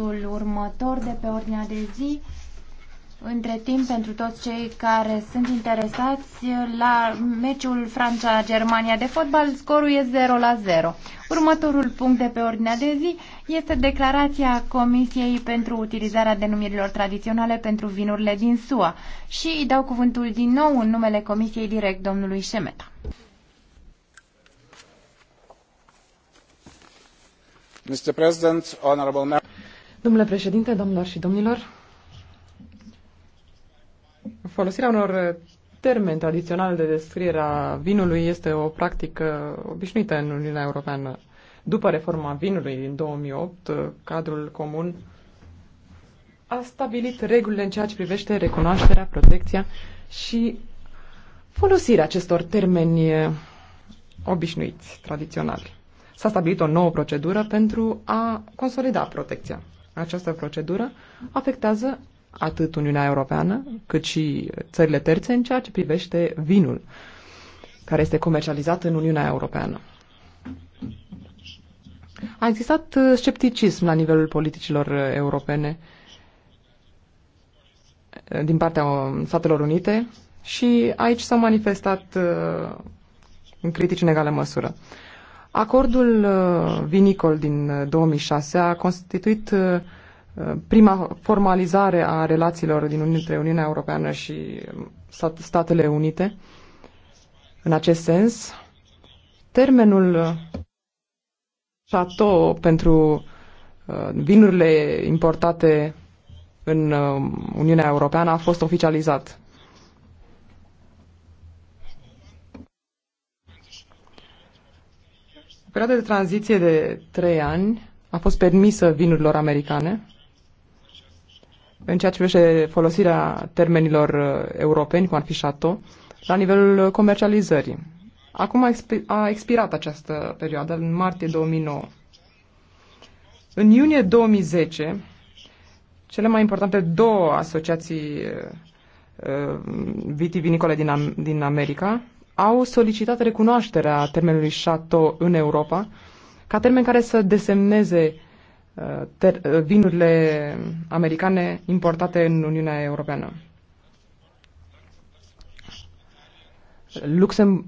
punctul următor de pe ordinea de zi. Între timp, pentru toți cei care sunt interesați, la meciul Franța-Germania de fotbal, scorul e 0 la 0. Următorul punct de pe ordinea de zi este declarația Comisiei pentru utilizarea denumirilor tradiționale pentru vinurile din SUA și îi dau cuvântul din nou în numele Comisiei direct domnului Șemeta. Mr. President, honorable Domnule președinte, domnilor și domnilor, folosirea unor termeni tradiționali de descriere a vinului este o practică obișnuită în Uniunea Europeană. După reforma vinului din 2008, cadrul comun a stabilit regulile în ceea ce privește recunoașterea, protecția și folosirea acestor termeni obișnuiți, tradiționali. S-a stabilit o nouă procedură pentru a consolida protecția. Această procedură afectează atât Uniunea Europeană cât și țările terțe în ceea ce privește vinul care este comercializat în Uniunea Europeană. A existat uh, scepticism la nivelul politicilor uh, europene uh, din partea um, Statelor Unite și aici s-au manifestat în critici în egală măsură. Acordul uh, vinicol din 2006 uh, a constituit uh, prima formalizare a relațiilor din între Uniunea Europeană și um, Statele Unite. În acest sens, termenul chateau pentru vinurile importate în Uniunea Europeană a fost oficializat. perioada de tranziție de trei ani a fost permisă vinurilor americane în ceea ce privește folosirea termenilor uh, europeni, cum ar fi chateau, la nivelul comercializării. Acum a, expi- a expirat această perioadă, în martie 2009. În iunie 2010, cele mai importante două asociații uh, uh, vitivinicole din, Am- din America au solicitat recunoașterea termenului chateau în Europa ca termen care să desemneze uh, uh, vinurile americane importate în Uniunea Europeană. Luxem-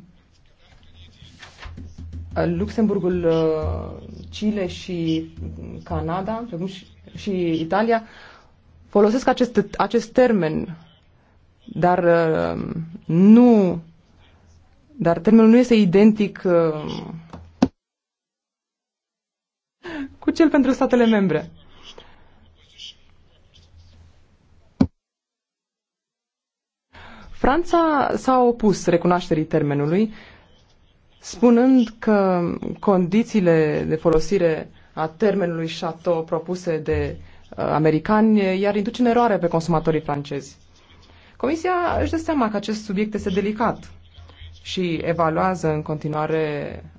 uh, Luxemburgul, Chile și Canada, precum și, și Italia, folosesc acest, acest termen, dar nu dar termenul nu este identic uh, cu cel pentru statele membre. Franța s-a opus recunoașterii termenului, spunând că condițiile de folosire a termenului chateau propuse de uh, americani iar induce în eroare pe consumatorii francezi. Comisia își dă seama că acest subiect este delicat și evaluează în continuare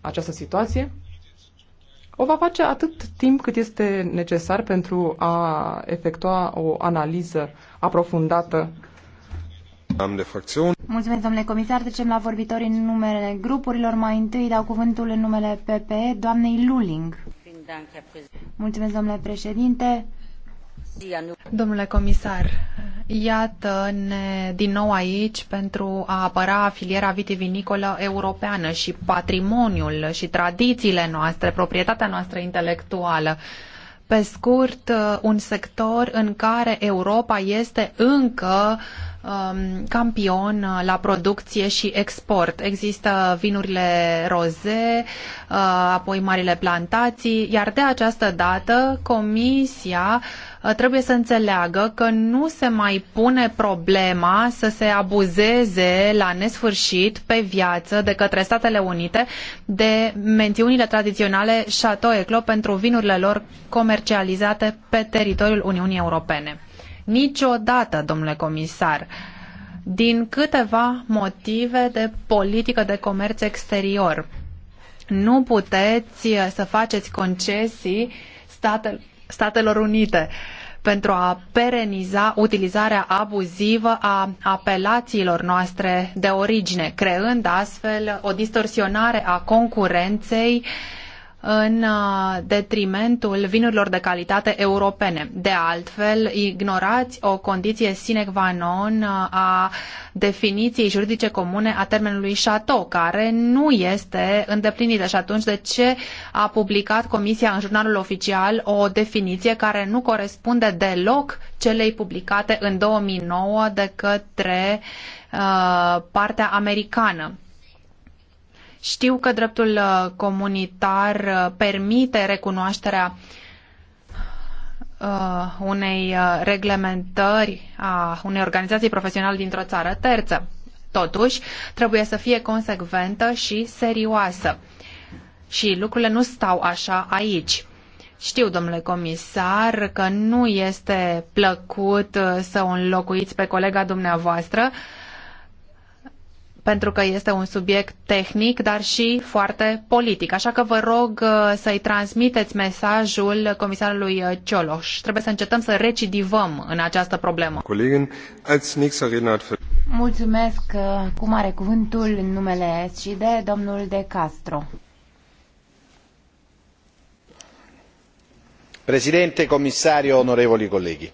această situație, o va face atât timp cât este necesar pentru a efectua o analiză aprofundată. Mulțumesc, domnule comisar. Trecem la vorbitori în numele grupurilor. Mai întâi dau cuvântul în numele PPE, doamnei Luling. Mulțumesc, domnule președinte. Domnule comisar, iată-ne din nou aici pentru a apăra filiera vitivinicolă europeană și patrimoniul și tradițiile noastre, proprietatea noastră intelectuală. Pe scurt, un sector în care Europa este încă uh, Um, campion uh, la producție și export. Există vinurile roze, uh, apoi marile plantații, iar de această dată Comisia uh, trebuie să înțeleagă că nu se mai pune problema să se abuzeze la nesfârșit pe viață de către Statele Unite de mențiunile tradiționale Chateau Eclos pentru vinurile lor comercializate pe teritoriul Uniunii Europene. Niciodată, domnule comisar, din câteva motive de politică de comerț exterior. Nu puteți uh, să faceți concesii statel Statelor Unite pentru a pereniza utilizarea abuzivă a apelațiilor noastre de origine, creând astfel o distorsionare a concurenței uh, în uh, detrimentul vinurilor de calitate europene. De altfel, ignorați o condiție sine qua non uh, a definiției juridice comune a termenului chateau, care nu este îndeplinită. Și atunci, de ce a publicat Comisia în jurnalul oficial o definiție care nu corespunde deloc celei publicate în 2009 de către uh, partea americană? Știu că dreptul uh, comunitar uh, permite recunoașterea uh, unei reglementări a unei organizații profesionale dintr-o țară terță. Totuși, trebuie să fie consecventă și serioasă. Și lucrurile nu stau așa aici. Știu, domnule comisar, că nu este plăcut să o înlocuiți pe colega dumneavoastră, uh, pentru că este un subiect tehnic, dar și foarte politic. Așa că vă rog uh, să-i transmiteți mesajul comisarului uh, Cioloș. Trebuie să încetăm să recidivăm în această problemă. Mulțumesc. Uh, cu mare cuvântul în numele și de domnul De Castro. Presidente, comisario, onorevoli colleghi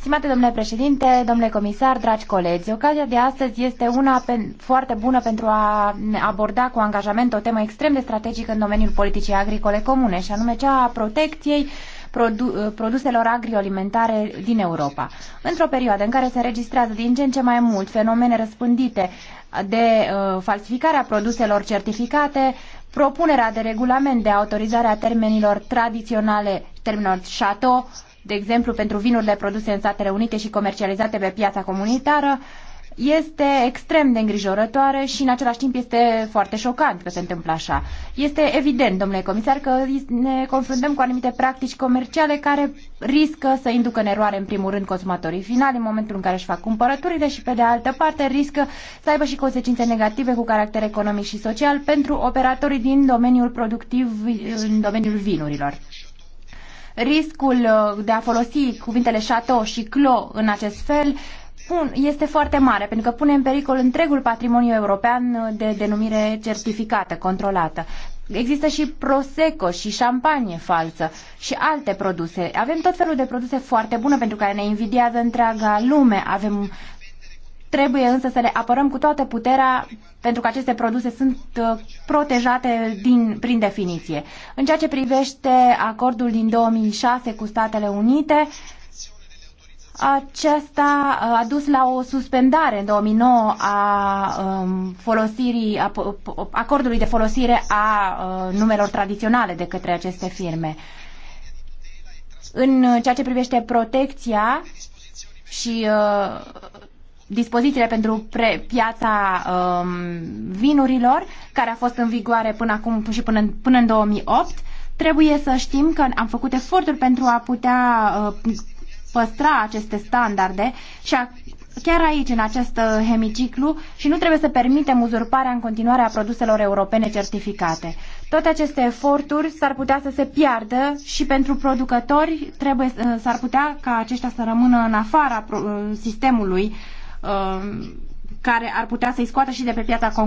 Stimate domnule președinte, domnule comisar, dragi colegi, ocazia de astăzi este una pe, foarte bună pentru a aborda cu angajament o temă extrem de strategică în domeniul politicii agricole comune, și anume cea a protecției produ- produselor agroalimentare din Europa. Într-o perioadă în care se registrează din ce în ce mai mult fenomene răspândite de uh, falsificarea produselor certificate, propunerea de regulament de autorizare a termenilor tradiționale, termenilor chateau, de exemplu pentru vinurile produse în Statele Unite și comercializate pe piața comunitară, este extrem de îngrijorătoare și în același timp este foarte șocant că se întâmplă așa. Este evident, domnule comisar, că ne confruntăm cu anumite practici comerciale care riscă să inducă în eroare, în primul rând, consumatorii finali în momentul în care își fac cumpărăturile și, pe de altă parte, riscă să aibă și consecințe negative cu caracter economic și social pentru operatorii din domeniul productiv, în domeniul vinurilor. Riscul uh, de a folosi cuvintele chateau și clo în acest fel este foarte mare, pentru că pune în pericol întregul patrimoniu european uh, de denumire certificată, controlată. Există și prosecco și șampanie falsă și alte produse. Avem tot felul de produse foarte bune pentru care ne invidiază întreaga lume. Avem Trebuie însă să le apărăm cu toată puterea pentru că aceste produse sunt uh, protejate din, prin definiție. În ceea ce privește acordul din 2006 cu Statele Unite, aceasta uh, a dus la o suspendare în 2009 a um, folosirii a, acordului de folosire a uh, numelor tradiționale de către aceste firme. În ceea ce privește protecția și uh, dispozițiile pentru pre- piața um, vinurilor, care a fost în vigoare până acum și până, în, până în 2008, trebuie să știm că am făcut eforturi pentru a putea uh, păstra aceste standarde și a, chiar aici, în acest uh, hemiciclu, și nu trebuie să permitem uzurparea în continuare a produselor europene certificate. Toate aceste eforturi s-ar putea să se piardă și pentru producători trebuie, uh, s-ar putea ca aceștia să rămână în afara uh, sistemului Um, care ar putea să-i scoată și de pe piața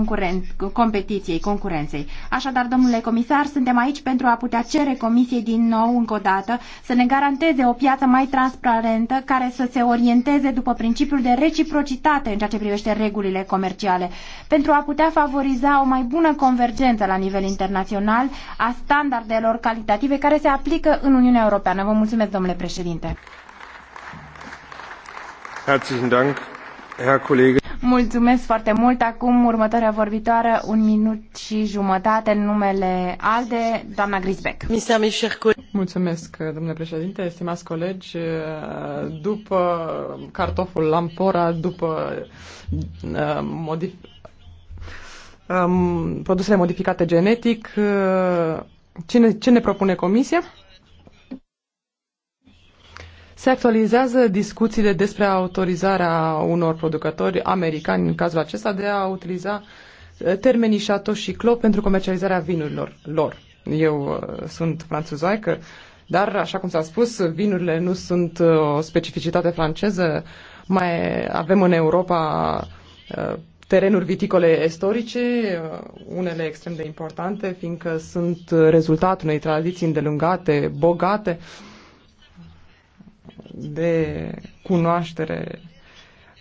competiției, concurenței. Așadar, domnule comisar, suntem aici pentru a putea cere comisiei din nou, încă o dată, să ne garanteze o piață mai transparentă care să se orienteze după principiul de reciprocitate în ceea ce privește regulile comerciale, pentru a putea favoriza o mai bună convergență la nivel internațional a standardelor calitative care se aplică în Uniunea Europeană. Vă mulțumesc, domnule președinte. Herzlichen Dank. Mulțumesc foarte mult. Acum, următoarea vorbitoare, un minut și jumătate în numele ALDE, doamna Grisbeck. Mulțumesc, domnule președinte, estimați colegi. După cartoful Lampora, după uh, modif- um, produsele modificate genetic, uh, ce ce ne propune Comisia? Se actualizează discuțiile despre autorizarea unor producători americani, în cazul acesta, de a utiliza uh, termenii Chateau și Clo pentru comercializarea vinurilor lor. Eu uh, sunt franțuzaică, dar, așa cum s-a spus, vinurile nu sunt uh, o specificitate franceză. Mai avem în Europa terenuri viticole istorice, unele extrem de importante, fiindcă sunt rezultatul unei tradiții îndelungate, bogate, de cunoaștere,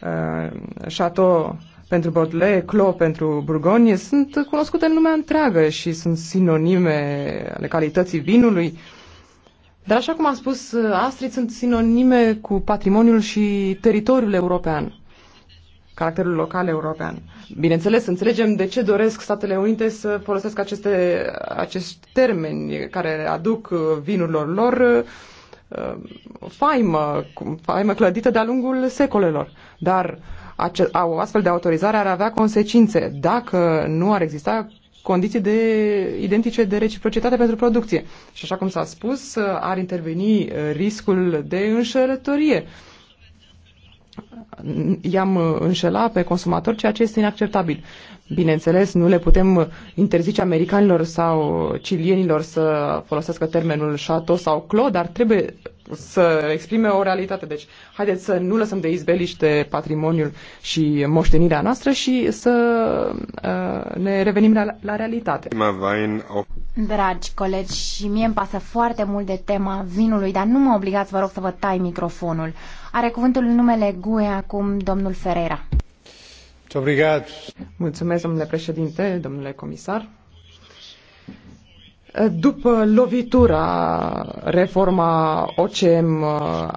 uh, Chateau pentru Baudelaire, Clos pentru Burgonie, sunt cunoscute în lumea întreagă și sunt sinonime ale calității vinului. Dar așa cum a spus Astrid, sunt sinonime cu patrimoniul și teritoriul european, caracterul local european. Bineînțeles, înțelegem de ce doresc Statele Unite să folosesc aceste, acești termeni care aduc vinurilor lor uh, Uh, faimă, faimă clădită de-a lungul secolelor. Dar o astfel de autorizare ar avea consecințe dacă nu ar exista condiții de, identice de reciprocitate pentru producție. Și așa cum s-a spus, uh, ar interveni uh, riscul de înșelătorie. Uh, i-am uh, înșela pe consumator, ceea ce este inacceptabil. Bineînțeles, nu le putem uh, interzice americanilor sau cilienilor să folosească termenul șato sau clo, dar trebuie să exprime o realitate. Deci, haideți să nu lăsăm de izbeliște patrimoniul și moștenirea noastră și să uh, ne revenim la, la realitate. Dragi colegi, și mie îmi pasă foarte mult de tema vinului, dar nu mă obligați, vă rog, să vă tai microfonul. Are cuvântul în numele GUE acum domnul Ferreira. Obrigat. Mulțumesc, domnule președinte, domnule comisar. După lovitura, reforma OCM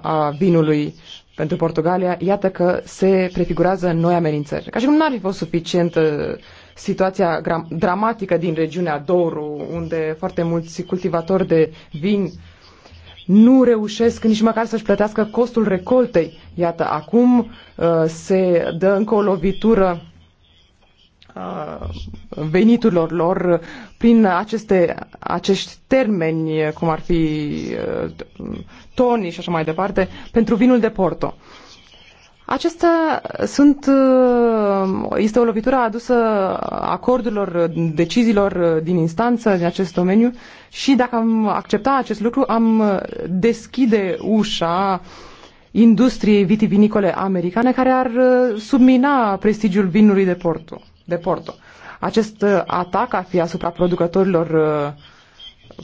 a vinului pentru Portugalia, iată că se prefigurează noi amenințări. Ca și cum n-ar fi fost suficient uh, situația dramatică din regiunea Douro, unde foarte mulți cultivatori de vin nu reușesc nici măcar să-și plătească costul recoltei. Iată, acum uh, se dă încă o lovitură uh, veniturilor lor prin aceste, acești termeni, cum ar fi uh, toni și așa mai departe, pentru vinul de Porto. Acestea sunt, uh, este o lovitură adusă acordurilor, deciziilor uh, din instanță din acest domeniu și dacă am accepta acest lucru, am uh, deschide ușa industriei vitivinicole americane care ar submina prestigiul vinului de Porto. De Porto. Acest atac ar fi asupra producătorilor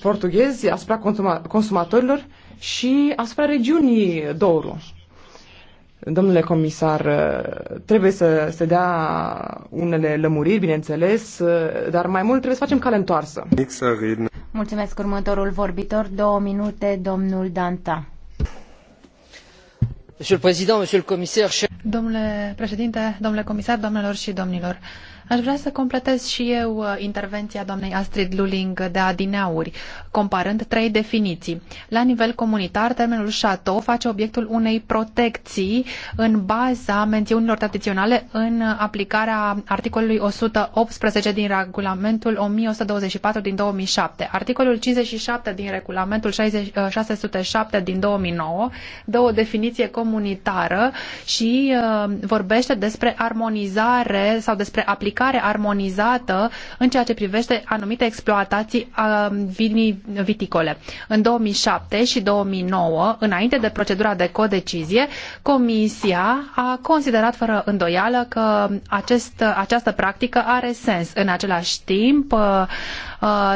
portughezi, asupra consuma- consumatorilor și asupra regiunii Douro. Domnule comisar, uh, trebuie să se dea unele lămuriri, bineînțeles, uh, dar mai mult trebuie să facem cale întoarsă. Mulțumesc următorul vorbitor, două minute, domnul Danta. Domnule președinte, domnule comisar, doamnelor și domnilor, aș vrea să completez și eu uh, intervenția doamnei Astrid Luling de adineauri, comparând trei definiții. La nivel comunitar, termenul chateau face obiectul unei protecții în baza mențiunilor tradiționale în aplicarea articolului 118 din regulamentul 1124 din 2007, articolul 57 din regulamentul 607 uh, din 2009, dă o definiție comunitară comunitară și uh, vorbește despre armonizare sau despre aplicare armonizată în ceea ce privește anumite exploatații uh, vinii viticole. În 2007 și 2009, înainte de procedura de codecizie, Comisia a considerat fără îndoială că acest, această practică are sens. În același timp, uh,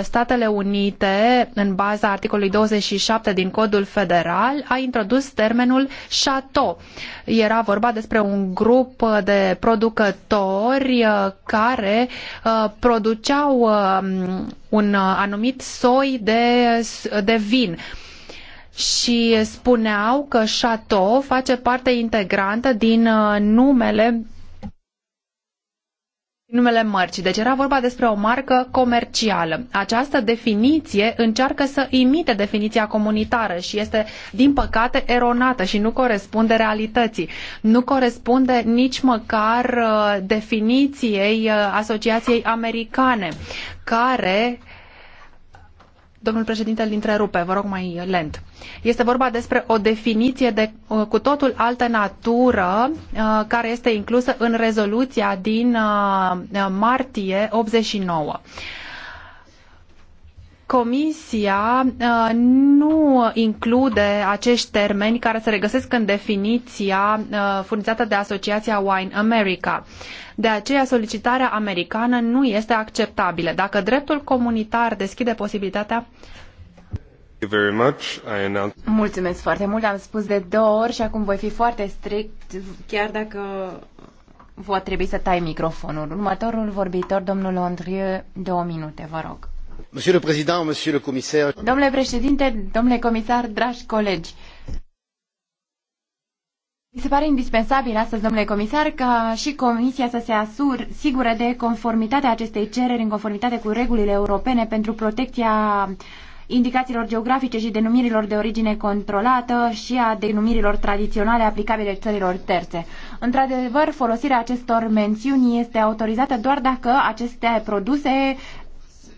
Statele Unite, în baza articolului 27 din Codul Federal, a introdus termenul shut Plateau. Era vorba despre un grup de producători uh, care uh, produceau um, un anumit soi de, de vin și spuneau că Chateau face parte integrantă din uh, numele numele mărcii. Deci era vorba despre o marcă comercială. Această definiție încearcă să imite definiția comunitară și este, din păcate, eronată și nu corespunde realității. Nu corespunde nici măcar uh, definiției uh, Asociației Americane, care Domnul președinte îl întrerupe, vă rog mai lent. Este vorba despre o definiție de uh, cu totul altă natură uh, care este inclusă în rezoluția din uh, martie 89. Comisia uh, nu include acești termeni care se regăsesc în definiția uh, furnizată de Asociația Wine America. De aceea, solicitarea americană nu este acceptabilă. Dacă dreptul comunitar deschide posibilitatea Mulțumesc foarte mult, am spus de două ori și acum voi fi foarte strict, chiar dacă vă trebui să tai microfonul. Următorul vorbitor, domnul Andrieu, două minute, vă rog. Domnule președinte, domnule comisar, dragi colegi, mi se pare indispensabil astăzi, domnule comisar, ca și Comisia să se asigure sigură de conformitatea acestei cereri în conformitate cu regulile europene pentru protecția indicațiilor geografice și denumirilor de origine controlată și a denumirilor tradiționale aplicabile țărilor terțe. Într-adevăr, folosirea acestor mențiuni este autorizată doar dacă aceste produse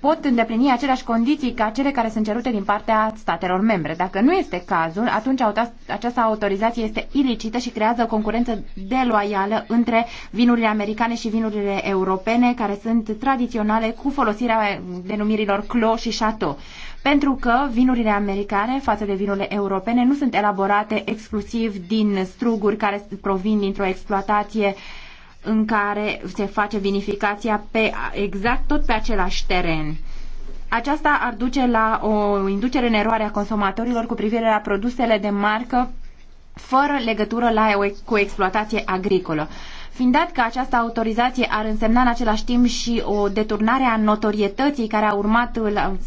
pot îndeplini aceleași condiții ca cele care sunt cerute din partea statelor membre. Dacă nu este cazul, atunci această autorizație este ilicită și creează o concurență deloială între vinurile americane și vinurile europene, care sunt tradiționale cu folosirea denumirilor Clo și Chateau pentru că vinurile americane față de vinurile europene nu sunt elaborate exclusiv din struguri care provin dintr-o exploatație uh, în care se face vinificația pe exact tot pe același teren. Aceasta ar duce la o inducere în eroare a consumatorilor cu privire la produsele de marcă fără legătură la o, cu exploatație agricolă. Fiind dat că această autorizație ar însemna în același timp și o deturnare a notorietății care a urmat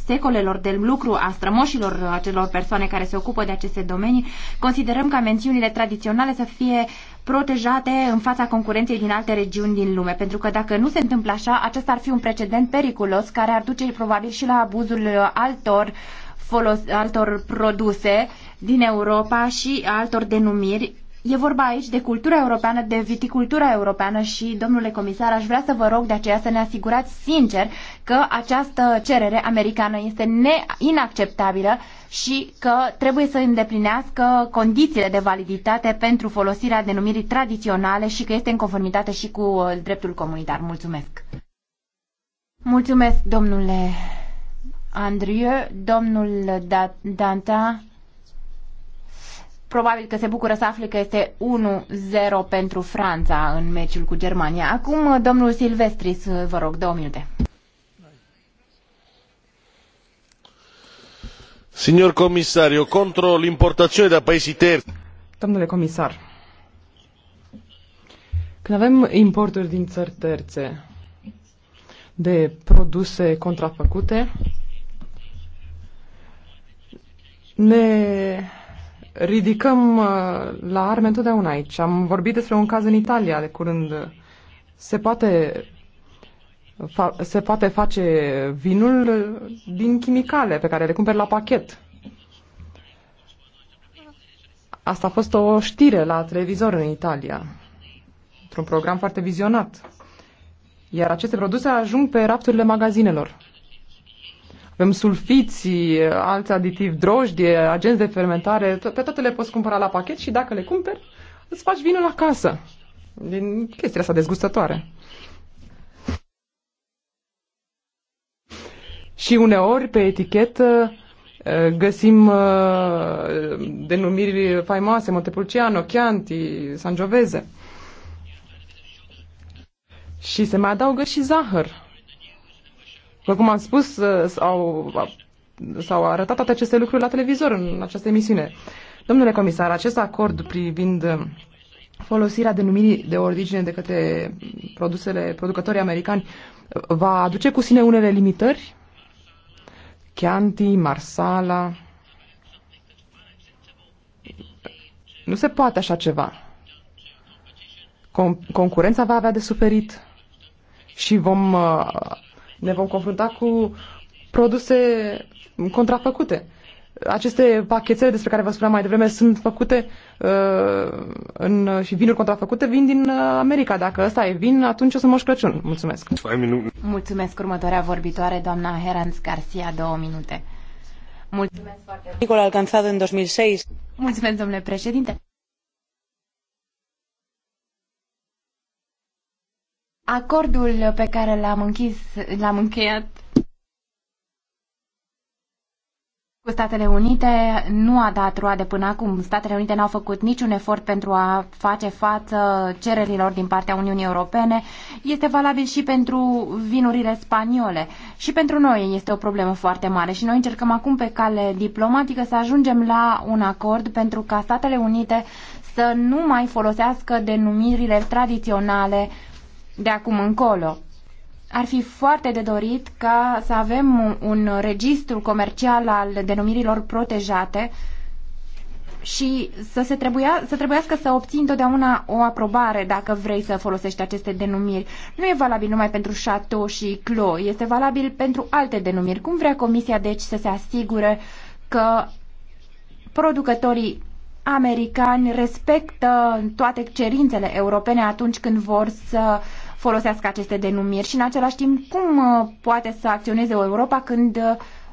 secolelor de lucru a strămoșilor acelor persoane care se ocupă de aceste domenii, considerăm ca mențiunile tradiționale să fie protejate în fața concurenței din alte regiuni din lume. Pentru că dacă nu se întâmplă așa, acesta ar fi un precedent periculos care ar duce probabil și la abuzul altor, folos- altor produse din Europa și altor denumiri E vorba aici de cultura europeană, de viticultura europeană și, domnule comisar, aș vrea să vă rog de aceea să ne asigurați sincer că această cerere americană este ne- inacceptabilă și că trebuie să îndeplinească condițiile de validitate pentru folosirea denumirii tradiționale și că este în conformitate și cu uh, dreptul comunitar. Mulțumesc! Mulțumesc, domnule Andrieu, domnul da- Danta. Probabil că se bucură să afle că este 1-0 pentru Franța în meciul cu Germania. Acum, domnul Silvestris, vă rog, două minute. Signor comisario, contro l'importazione da paesi terzi. Domnule comisar, când avem importuri din țări terțe de produse contrafăcute, ne ridicăm uh, la arme întotdeauna aici. Am vorbit despre un caz în Italia de curând. Se poate, se poate face vinul din chimicale pe care le cumperi la pachet. Asta a fost o știre la televizor în Italia, într-un program foarte vizionat. Iar aceste produse ajung pe rafturile magazinelor avem sulfiții, alți aditivi, drojdie, agenți de fermentare, pe toate le poți cumpăra la pachet și dacă le cumperi, îți faci vinul acasă. Din chestia asta dezgustătoare. Și uneori pe etichetă eh, găsim eh, denumiri faimoase, Montepulciano, Chianti, Sangiovese. Și se mai adaugă și zahăr cum am spus, uh, s-au, s-au arătat toate aceste lucruri la televizor în această emisiune. Domnule comisar, acest acord privind uh, folosirea denumirii de origine de către produsele producătorii americani uh, va aduce cu sine unele limitări? Chianti, Marsala... Nu se poate așa ceva. Con- concurența va avea de suferit și vom ne vom confrunta cu produse contrafăcute. Aceste pachetele despre care vă spuneam mai devreme sunt făcute uh, în, și vinuri contrafăcute vin din uh, America. Dacă ăsta e vin, atunci o să moș Crăciun. Mulțumesc. Mulțumesc. Următoarea vorbitoare, doamna Herans Garcia, două minute. Mulțumesc foarte mult. Alcanzado în 2006. Mulțumesc, domnule președinte. Acordul pe care l-am închis, l-am încheiat cu Statele Unite nu a dat roade până acum. Statele Unite n-au făcut niciun efort pentru a face față cererilor din partea Uniunii Europene. Este valabil și pentru vinurile spaniole. Și pentru noi este o problemă foarte mare și noi încercăm acum pe cale diplomatică să ajungem la un acord pentru ca Statele Unite să nu mai folosească denumirile tradiționale de acum încolo. Ar fi foarte de dorit ca să avem un, un registru comercial al denumirilor protejate și să, se trebuia, să trebuiască să obții întotdeauna o aprobare dacă vrei să folosești aceste denumiri. Nu e valabil numai pentru Chateau și Clo, este valabil pentru alte denumiri. Cum vrea Comisia, deci, să se asigure că producătorii americani respectă toate cerințele europene atunci când vor să uh, folosească aceste denumiri și în același timp cum uh, poate să acționeze Europa când uh,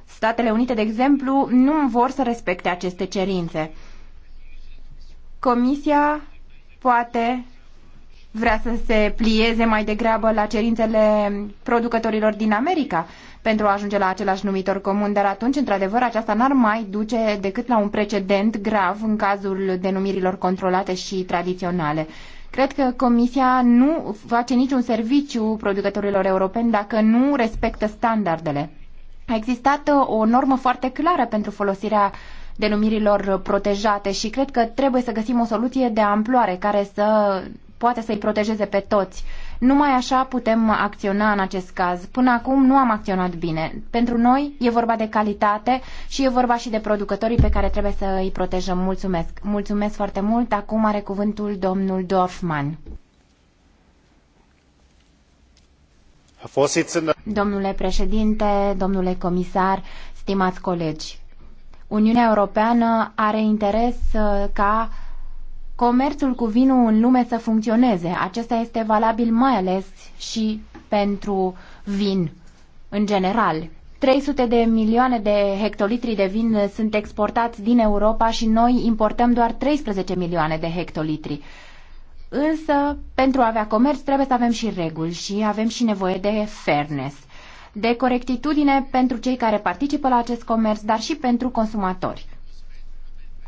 Statele Unite, de exemplu, nu vor să respecte aceste cerințe. Comisia poate vrea să se plieze mai degrabă la cerințele producătorilor din America pentru a ajunge la același numitor comun, dar atunci, într-adevăr, aceasta n-ar mai duce decât la un precedent grav în cazul denumirilor controlate și tradiționale. Cred că Comisia nu face niciun serviciu producătorilor europeni dacă nu respectă standardele. A existat uh, o normă foarte clară pentru folosirea denumirilor protejate și cred că trebuie să găsim o soluție de amploare care să poate să-i protejeze pe toți numai așa putem acționa în acest caz. Până acum nu am acționat bine. Pentru noi e vorba de calitate și e vorba și de producătorii pe care trebuie să îi protejăm. Mulțumesc! Mulțumesc foarte mult! Acum are cuvântul domnul Dorfman. Domnule președinte, domnule comisar, stimați colegi, Uniunea Europeană are interes uh, ca comerțul cu vinul în lume să funcționeze. Acesta este valabil mai ales și pentru vin în general. 300 de milioane de hectolitri de vin sunt exportați din Europa și noi importăm doar 13 milioane de hectolitri. Însă, pentru a avea comerț, trebuie să avem și reguli și avem și nevoie de fairness, de corectitudine pentru cei care participă la acest comerț, dar și pentru consumatori.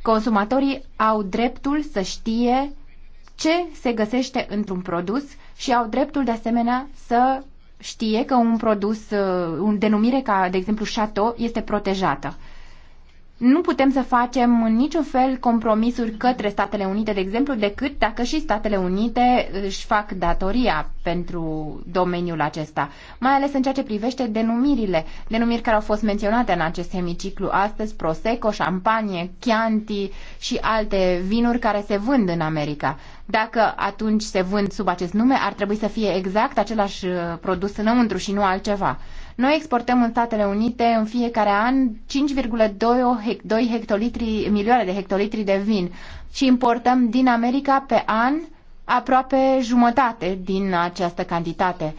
Consumatorii au dreptul să știe ce se găsește într-un produs și au dreptul de asemenea să știe că un produs, uh, un denumire ca, de exemplu, Chateau, este protejată nu putem să facem în niciun fel compromisuri către Statele Unite, de exemplu, decât dacă și Statele Unite își fac datoria pentru domeniul acesta, mai ales în ceea ce privește denumirile, denumiri care au fost menționate în acest hemiciclu astăzi, Prosecco, Champagne, Chianti și alte vinuri care se vând în America. Dacă atunci se vând sub acest nume, ar trebui să fie exact același uh, produs înăuntru și nu altceva. Noi exportăm în Statele Unite în fiecare an 5,2 hectolitri, milioane de hectolitri de vin și importăm din America pe an aproape jumătate din această cantitate.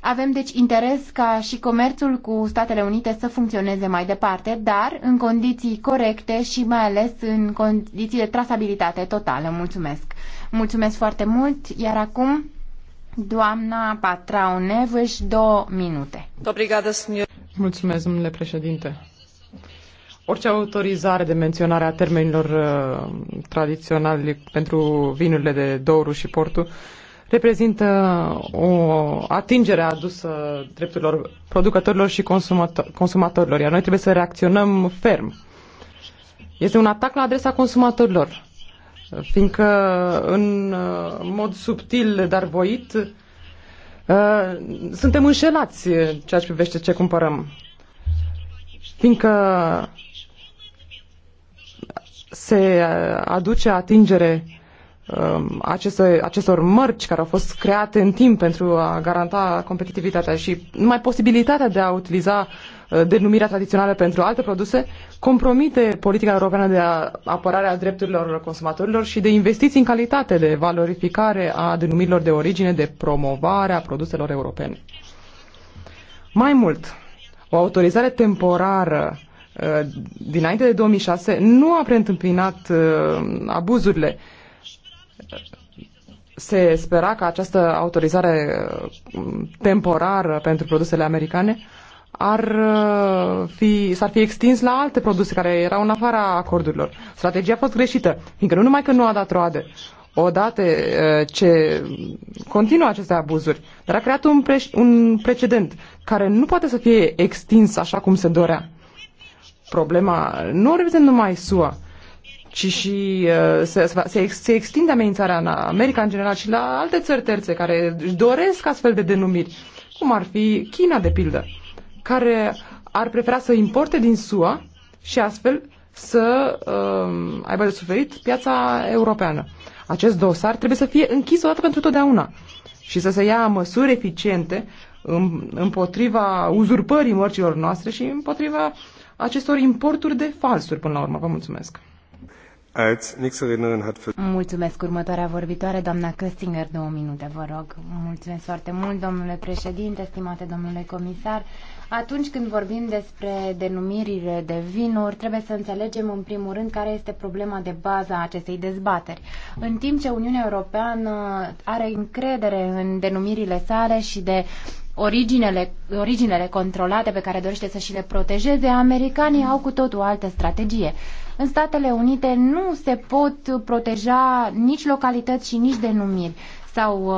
Avem deci interes ca și comerțul cu Statele Unite să funcționeze mai departe, dar în condiții corecte și mai ales în condiții de trasabilitate totală. Mulțumesc! Mulțumesc foarte mult, iar acum Doamna Patrau Neveș, două minute. Mulțumesc, domnule președinte. Orice autorizare de menționare a termenilor uh, tradiționali pentru vinurile de Douru și Portu reprezintă o atingere adusă drepturilor producătorilor și consumator- consumatorilor, iar noi trebuie să reacționăm ferm. Este un atac la adresa consumatorilor fiindcă uh, în mod subtil, dar voit, uh, suntem înșelați ceea ce privește ce cumpărăm. Fiindcă se aduce atingere Um, aceste, acestor mărci care au fost create în timp pentru a garanta competitivitatea și numai posibilitatea de a utiliza uh, denumirea tradițională pentru alte produse compromite politica europeană de apărare a drepturilor consumatorilor și de investiții în calitate, de valorificare a denumirilor de origine, de promovare a produselor europene. Mai mult, o autorizare temporară uh, dinainte de 2006 nu a preîntâmpinat uh, abuzurile se spera că această autorizare uh, temporară pentru produsele americane ar uh, fi, s-ar fi extins la alte produse care erau în afara acordurilor. Strategia a fost greșită, fiindcă nu numai că nu a dat roade, odată uh, ce continuă aceste abuzuri, dar a creat un, pre- un precedent care nu poate să fie extins așa cum se dorea. Problema nu o reprezintă numai SUA, ci și uh, se, se, se extinde amenințarea în America în general și la alte țări terțe care își doresc astfel de denumiri, cum ar fi China, de pildă, care ar prefera să importe din SUA și astfel să uh, aibă de suferit piața europeană. Acest dosar trebuie să fie închis odată pentru totdeauna și să se ia măsuri eficiente împotriva uzurpării mărcilor noastre și împotriva acestor importuri de falsuri până la urmă. Vă mulțumesc! Mulțumesc următoarea vorbitoare, doamna Köstinger, două minute, vă rog. Mulțumesc foarte mult, domnule președinte, stimate domnule comisar. Atunci când vorbim despre denumirile de vinuri, trebuie să înțelegem în primul rând care este problema de bază a acestei dezbateri. În timp ce Uniunea Europeană are încredere în denumirile sale și de originele, originele controlate pe care dorește să și le protejeze, americanii au cu totul altă strategie. În Statele Unite nu se pot proteja nici localități și nici denumiri sau uh,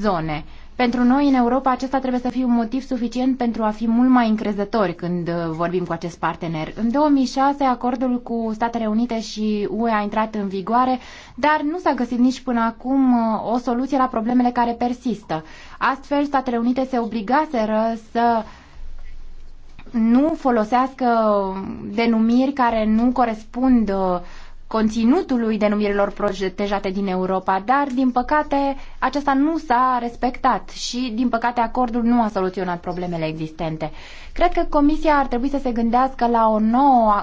zone. Pentru noi, în Europa, acesta trebuie să fie un motiv suficient pentru a fi mult mai încrezători când uh, vorbim cu acest partener. În 2006, acordul cu Statele Unite și UE a intrat în vigoare, dar nu s-a găsit nici până acum uh, o soluție la problemele care persistă. Astfel, Statele Unite se obligaseră să uh, nu folosească denumiri care nu corespund uh, conținutului denumirilor protejate din Europa, dar din păcate acesta nu s-a respectat și din păcate acordul nu a soluționat problemele existente. Cred că Comisia ar trebui să se gândească la o nouă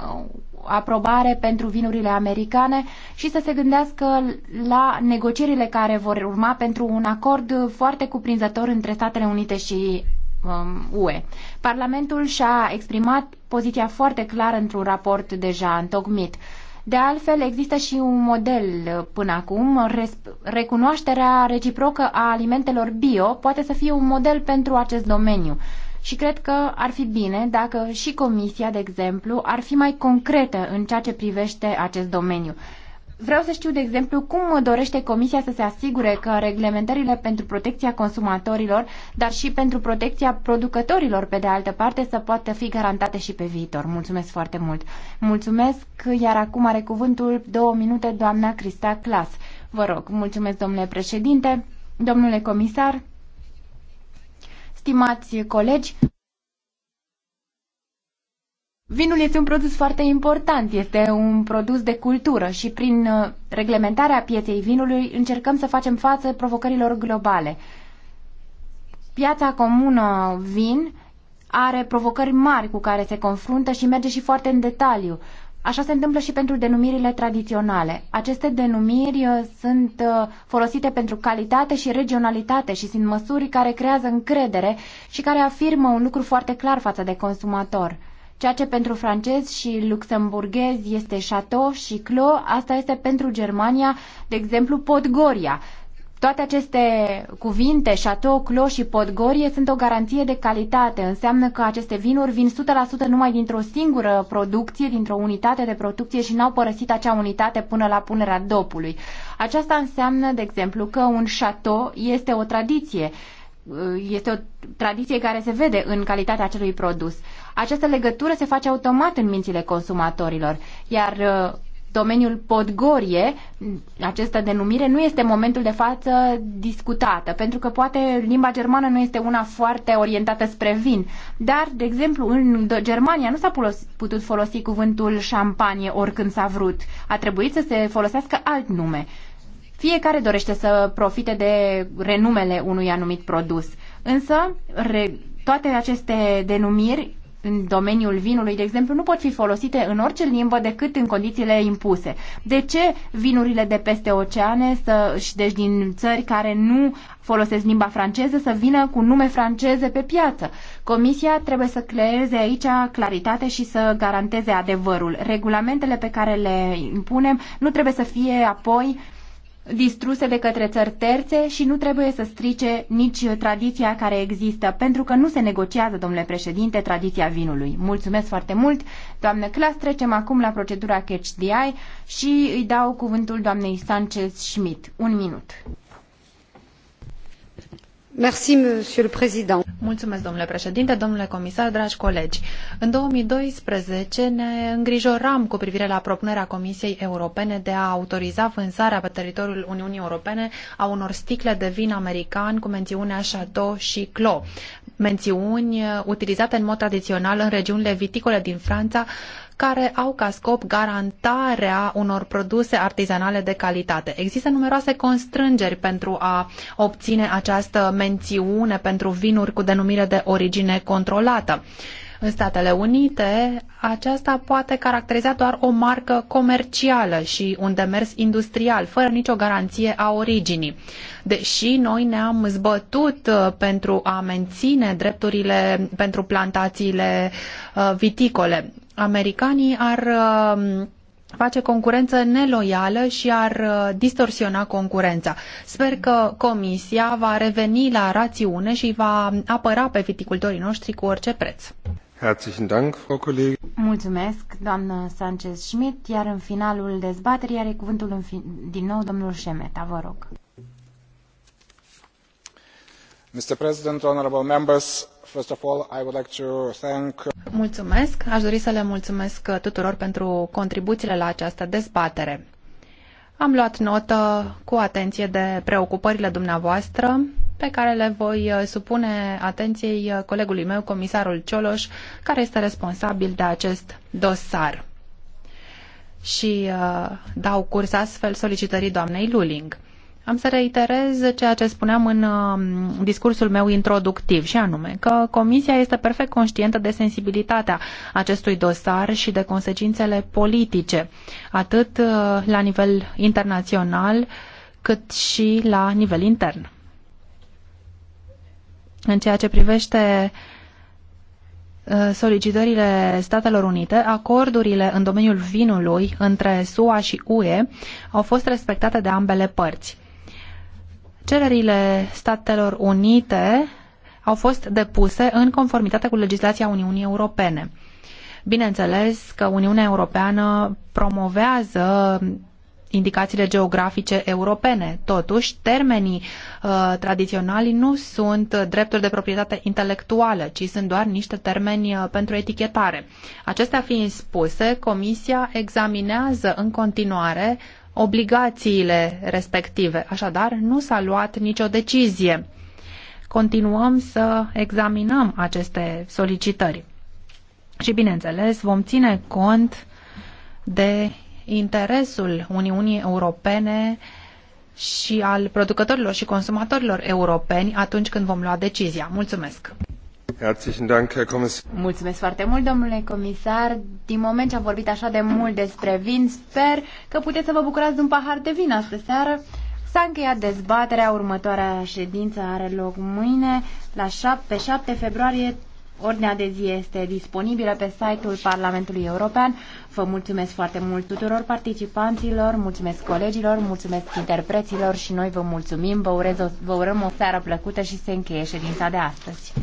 aprobare pentru vinurile americane și să se gândească la negocierile care vor urma pentru un acord foarte cuprinzător între Statele Unite și UE. Um, Parlamentul și-a exprimat poziția foarte clară într-un raport deja întocmit. De altfel, există și un model până acum. Recunoașterea reciprocă a alimentelor bio poate să fie un model pentru acest domeniu. Și cred că ar fi bine dacă și Comisia, de exemplu, ar fi mai concretă în ceea ce privește acest domeniu. Vreau să știu, de exemplu, cum dorește Comisia să se asigure că reglementările pentru protecția consumatorilor, dar și pentru protecția producătorilor, pe de altă parte, să poată fi garantate și pe viitor. Mulțumesc foarte mult! Mulțumesc, iar acum are cuvântul două minute doamna Crista Clas. Vă rog, mulțumesc, domnule președinte, domnule comisar, stimați colegi, Vinul este un produs foarte important, este un produs de cultură și prin uh, reglementarea pieței vinului încercăm să facem față provocărilor globale. Piața comună vin are provocări mari cu care se confruntă și merge și foarte în detaliu. Așa se întâmplă și pentru denumirile tradiționale. Aceste denumiri uh, sunt uh, folosite pentru calitate și regionalitate și sunt măsuri care creează încredere și care afirmă un lucru foarte clar față de consumator – Ceea ce pentru francezi și luxemburghezi este Chateau și clo, asta este pentru Germania, de exemplu, Podgoria. Toate aceste cuvinte, Chateau, clo și Podgorie, sunt o garanție de calitate. Înseamnă că aceste vinuri vin 100% numai dintr-o singură producție, dintr-o unitate de producție și n-au părăsit acea unitate până la punerea dopului. Aceasta înseamnă, de exemplu, că un chateau este o tradiție este o tradiție care se vede în calitatea acelui produs. Această legătură se face automat în mințile consumatorilor, iar uh, domeniul podgorie, această denumire, nu este momentul de față discutată, pentru că poate limba germană nu este una foarte orientată spre vin. Dar, de exemplu, în Germania nu s-a putut folosi cuvântul șampanie oricând s-a vrut. A trebuit să se folosească alt nume. Fiecare dorește să profite de renumele unui anumit produs. Însă, re, toate aceste denumiri în domeniul vinului, de exemplu, nu pot fi folosite în orice limbă decât în condițiile impuse. De ce vinurile de peste oceane să, și deci din țări care nu folosesc limba franceză să vină cu nume franceze pe piață? Comisia trebuie să creeze aici claritate și să garanteze adevărul. Regulamentele pe care le impunem nu trebuie să fie apoi uh, distruse de către țări terțe și nu trebuie să strice nici tradiția care există, pentru că nu se negociază, domnule președinte, tradiția vinului. Mulțumesc foarte mult, doamnă Clas. Trecem acum la procedura Catch the Eye și îi dau cuvântul doamnei Sanchez Schmidt. Un minut. Mulțumesc, domnule președinte, domnule comisar, dragi colegi. În 2012 ne îngrijoram cu privire la propunerea Comisiei Europene de a autoriza vânzarea pe teritoriul Uniunii Europene a unor sticle de vin american cu mențiunea Chateau și Clos, mențiuni utilizate în mod tradițional în regiunile viticole din Franța care au ca scop garantarea unor produse artizanale de calitate. Există numeroase constrângeri pentru a obține această mențiune pentru vinuri cu denumire de origine controlată. În Statele Unite, aceasta poate caracteriza doar o marcă comercială și un demers industrial, fără nicio garanție a originii. Deși noi ne-am zbătut uh, pentru a menține drepturile pentru plantațiile uh, viticole, americanii ar um, face concurență neloială și ar uh, distorsiona concurența. Sper că Comisia va reveni la rațiune și va apăra pe viticultorii noștri cu orice preț. Mulțumesc, doamnă Sanchez Schmidt, iar în finalul dezbaterii are cuvântul din nou domnul Șemeta, vă rog. Mr. President, honorable members, Uh, mulțumesc. Aș dori să le mulțumesc uh, tuturor pentru contribuțiile la această dezbatere. Am luat notă cu atenție de preocupările dumneavoastră pe care le voi uh, supune atenției colegului meu, comisarul Cioloș, care este responsabil de acest dosar. Și uh, dau curs astfel solicitării doamnei Luling. Am să reiterez ceea ce spuneam în um, discursul meu introductiv, și anume că Comisia este perfect conștientă de sensibilitatea acestui dosar și de consecințele politice, atât uh, la nivel internațional, cât și la nivel intern. În ceea ce privește uh, solicitările Statelor Unite, acordurile în domeniul vinului între SUA și UE au fost respectate de ambele părți. Cererile Statelor Unite au fost depuse în conformitate cu legislația Uniunii Europene. Bineînțeles că Uniunea Europeană promovează indicațiile geografice europene. Totuși, termenii uh, tradiționali nu sunt drepturi de proprietate intelectuală, ci sunt doar niște termeni uh, pentru etichetare. Acestea fiind spuse, Comisia examinează în continuare obligațiile respective. Așadar, nu s-a luat nicio decizie. Continuăm să examinăm aceste solicitări. Și, bineînțeles, vom ține cont de interesul Uniunii Europene și al producătorilor și consumatorilor europeni atunci când vom lua decizia. Mulțumesc! Mulțumesc foarte mult, domnule comisar. Din moment ce am vorbit așa de mult despre vin, sper că puteți să vă bucurați de un pahar de vin astă seară. S-a încheiat dezbaterea, următoarea ședință are loc mâine, la 7, 7 februarie. Ordinea de zi este disponibilă pe site-ul Parlamentului European. Vă mulțumesc foarte mult tuturor participanților, mulțumesc colegilor, mulțumesc interpreților și noi vă mulțumim, vă, urez o, vă urăm o seară plăcută și se încheie ședința de astăzi.